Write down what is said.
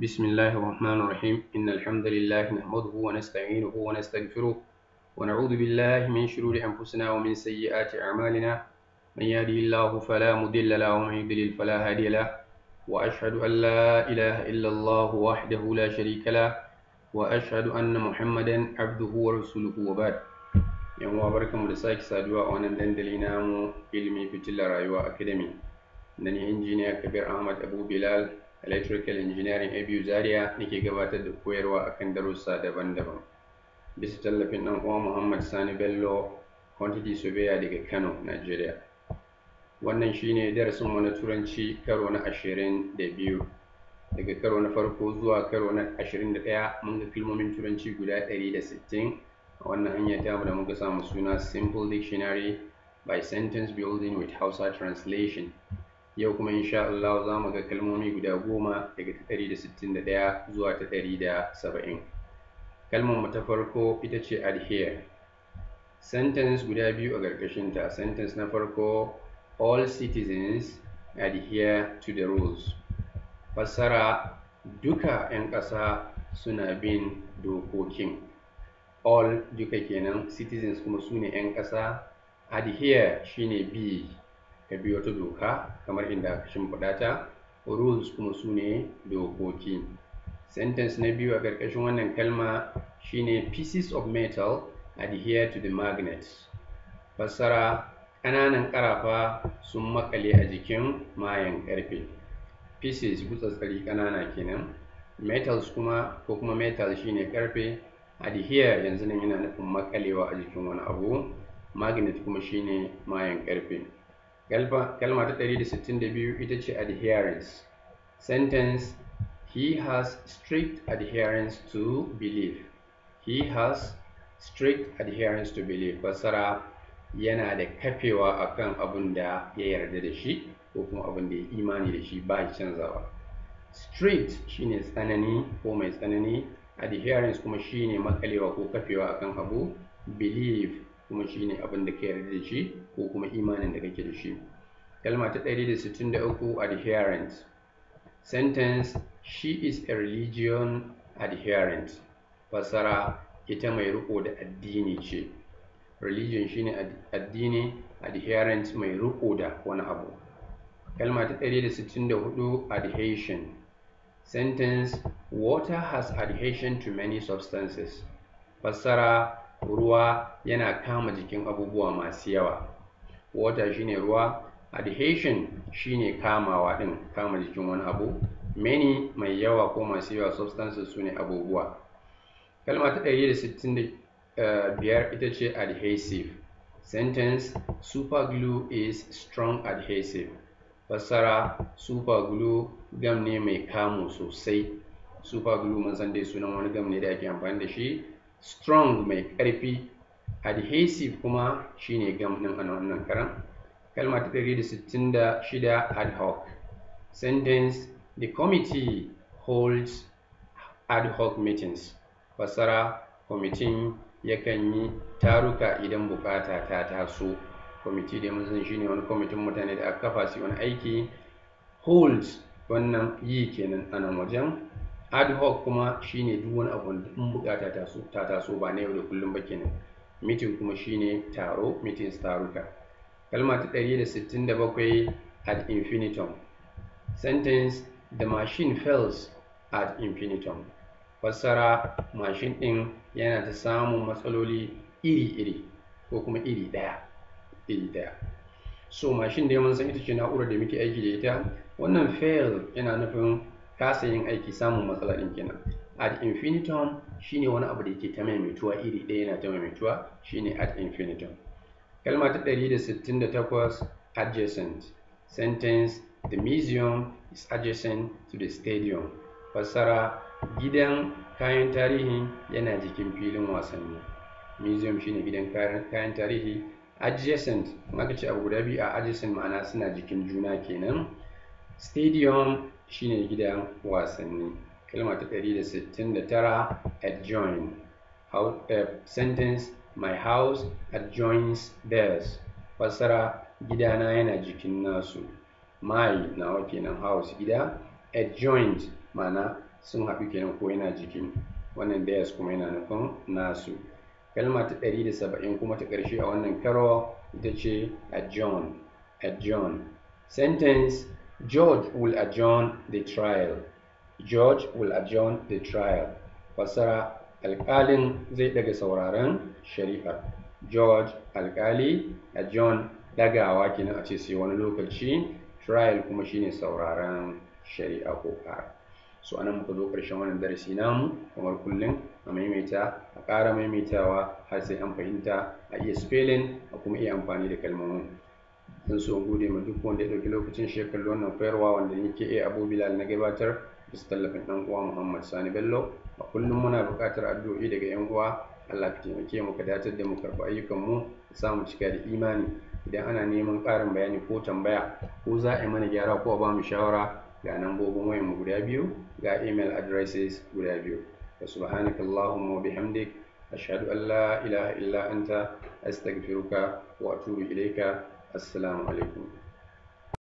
بسم الله الرحمن الرحيم إن الحمد لله نحمده ونستعينه ونستغفره ونعوذ بالله من شرور أنفسنا ومن سيئات أعمالنا من يهده الله فلا مضل له ومن يضلل فلا هادي له وأشهد أن لا إله إلا الله وحده لا شريك له وأشهد أن محمدا عبده ورسوله وبعد yan uwa barkamu da sake saduwa a wannan dandali namu ilimi fitilar rayuwa academy na ni injiniya kabir ahmad abu bilal electrical engineering a biyu zaria ke gabatar da koyarwa akan darussa daban-daban bisa tallafin dan uwa muhammad sani bello quantity surveyor daga kano nigeria wannan shine mu na turanci karo na ashirin da biyu daga karo na farko zuwa karo na ashirin da ɗaya mun ga kalmomin turanci guda ɗari da sittin a wannan hanyar tamu da muka samu suna simple dictionary by sentence building with hausa translation yau kuma insha Allah za mu ga kalmomi guda goma daga ta ɗari da sittin da ɗaya zuwa ta ɗari da saba'in kalmar mu ta farko ita ce adhere sentence guda biyu a ƙarƙashin ta sentence na farko all citizens adhere to the rules fassara duka 'yan ƙasa suna bin dokokin all duka kenan citizens kuma su ne 'yan ƙasa adhere shine bi ka bi wata doka kamar inda aka shimfiɗa ta rules kuma su ne dokoki sentence na biyu a ƙarƙashin wannan kalma shine pieces of metal adhere to the magnet fassara ƙananan ƙarafa sun makale a jikin mayan ƙarfe pieces gutsatsari ƙanana kenan metals kuma ko kuma metal shine ƙarfe adhere yanzu nan yana nufin makalewa a jikin wani abu magnet kuma shine mayan ƙarfe Kalma ta 162 ita ce adherence. Sentence He has strict adherence to belief. He has strict adherence to belief. Fassara yana da kafewa akan abin da ya yarda da shi ko kuma abin da ya imani da shi ba canza ba, Strict shine tsanani ko mai tsanani, adherence kuma shine makalewa ko kafewa akan abu, belief kuma shi ne abin da ka yarda da shi ko kuma imanin da kake da shi kalma ta 163 adherent. sentence she is a religion adherent fasara ita mai riko da addini ce religion ne addini adherent mai riko da wani abu kalma ta 164 adhesion sentence water has adhesion to many substances Fasara. ruwa yana kama jikin abubuwa masu yawa water shine ruwa adhesion shine kamawa din kama jikin wani abu many mai yawa ko masu yawa substances sune abubuwa kalma ta 165 eh, ita ce adhesive sentence super glue is strong adhesive fassara super glue gam ne mai kamu sosai super glue mun san dai sunan wani gam ne da ake amfani da shi strong mai ƙarfi adhesive kuma shine gam ɗin a wannan karan kalma ta 166 ad hoc sentence the committee holds ad hoc meetings fasara kwamitin yakan yi taruka idan bukata ta taso kwamiti da mun san shine wani kwamitin mutane da aka kafa su wani aiki holds wannan yi kenan a wajen ad hoc kuma shine duk wani abu da in mm. bukata ta taso ba na yau da kullum ba kenan meeting kuma shine taro meetings taruka kalma ta 167 ad infinitum sentence the machine fails ad infinitum fassara mashin ɗin yana ta samun matsaloli iri-iri ko kuma iri ɗaya iri ɗaya so mashin da mun san ita ce na'urar da muke aiki da ita wannan fail yana nufin kasa yin aiki samun matsala din kenan ad infinitum shine wani abu da yake ta maimaituwa iri ɗaya yana ta maimaituwa shine ad infinitum kalma ta 168 adjacent sentence the museum is adjacent to the stadium fassara gidan kayan tarihi yana jikin filin wasanni museum shine gidan kayan tarihi adjacent ka ce abu guda biyu a adjacent ma'ana suna jikin juna kenan stadium shine gidan wasanni kalma ta 169 adjoin How, adjoin. Eh, sentence my house adjoins theirs fassara gidana yana jikin nasu my nawa kenan house gida Adjoins mana sun haɗu kenan ko yana jikin wannan theirs kuma yana nufin nasu kalma ta 170 kuma ta ƙarshe a wannan karo ita ce adjoin adjoin sentence George will adjourn the trial. George will adjourn the trial. Fasara alƙalin zai daga sauraren shari'ar. George alƙali adjourn dagawa kenan a ce sai wani lokaci trial kuma shine sauraren shari'a ko ƙara. So anan muka zo ƙarshen wannan darasi namu kamar kullum a maimaita a ƙara maimaitawa har sai an fahimta a iya spelling a kuma iya amfani da kalmomin. zan so in gode ma duk wanda ya ɗauki lokacin shi ya wannan koyarwa wanda ni ke iya abu bilal na gabatar da su tallafin ɗan uwa muhammad sani bello a kullum muna bukatar addu'o'i daga yan uwa allah ka taimake mu ka datar da mu karɓi ayyukanmu ka mu cika da imani idan ana neman ƙarin bayani ko tambaya ko za a yi mana gyara ko a ba mu shawara ga nambobin wayan mu guda biyu ga email addresses guda biyu wa subhanaka allahumma wa bihamdik ashhadu an la ilaha illa anta astaghfiruka wa atubu ilayka السلام علیکم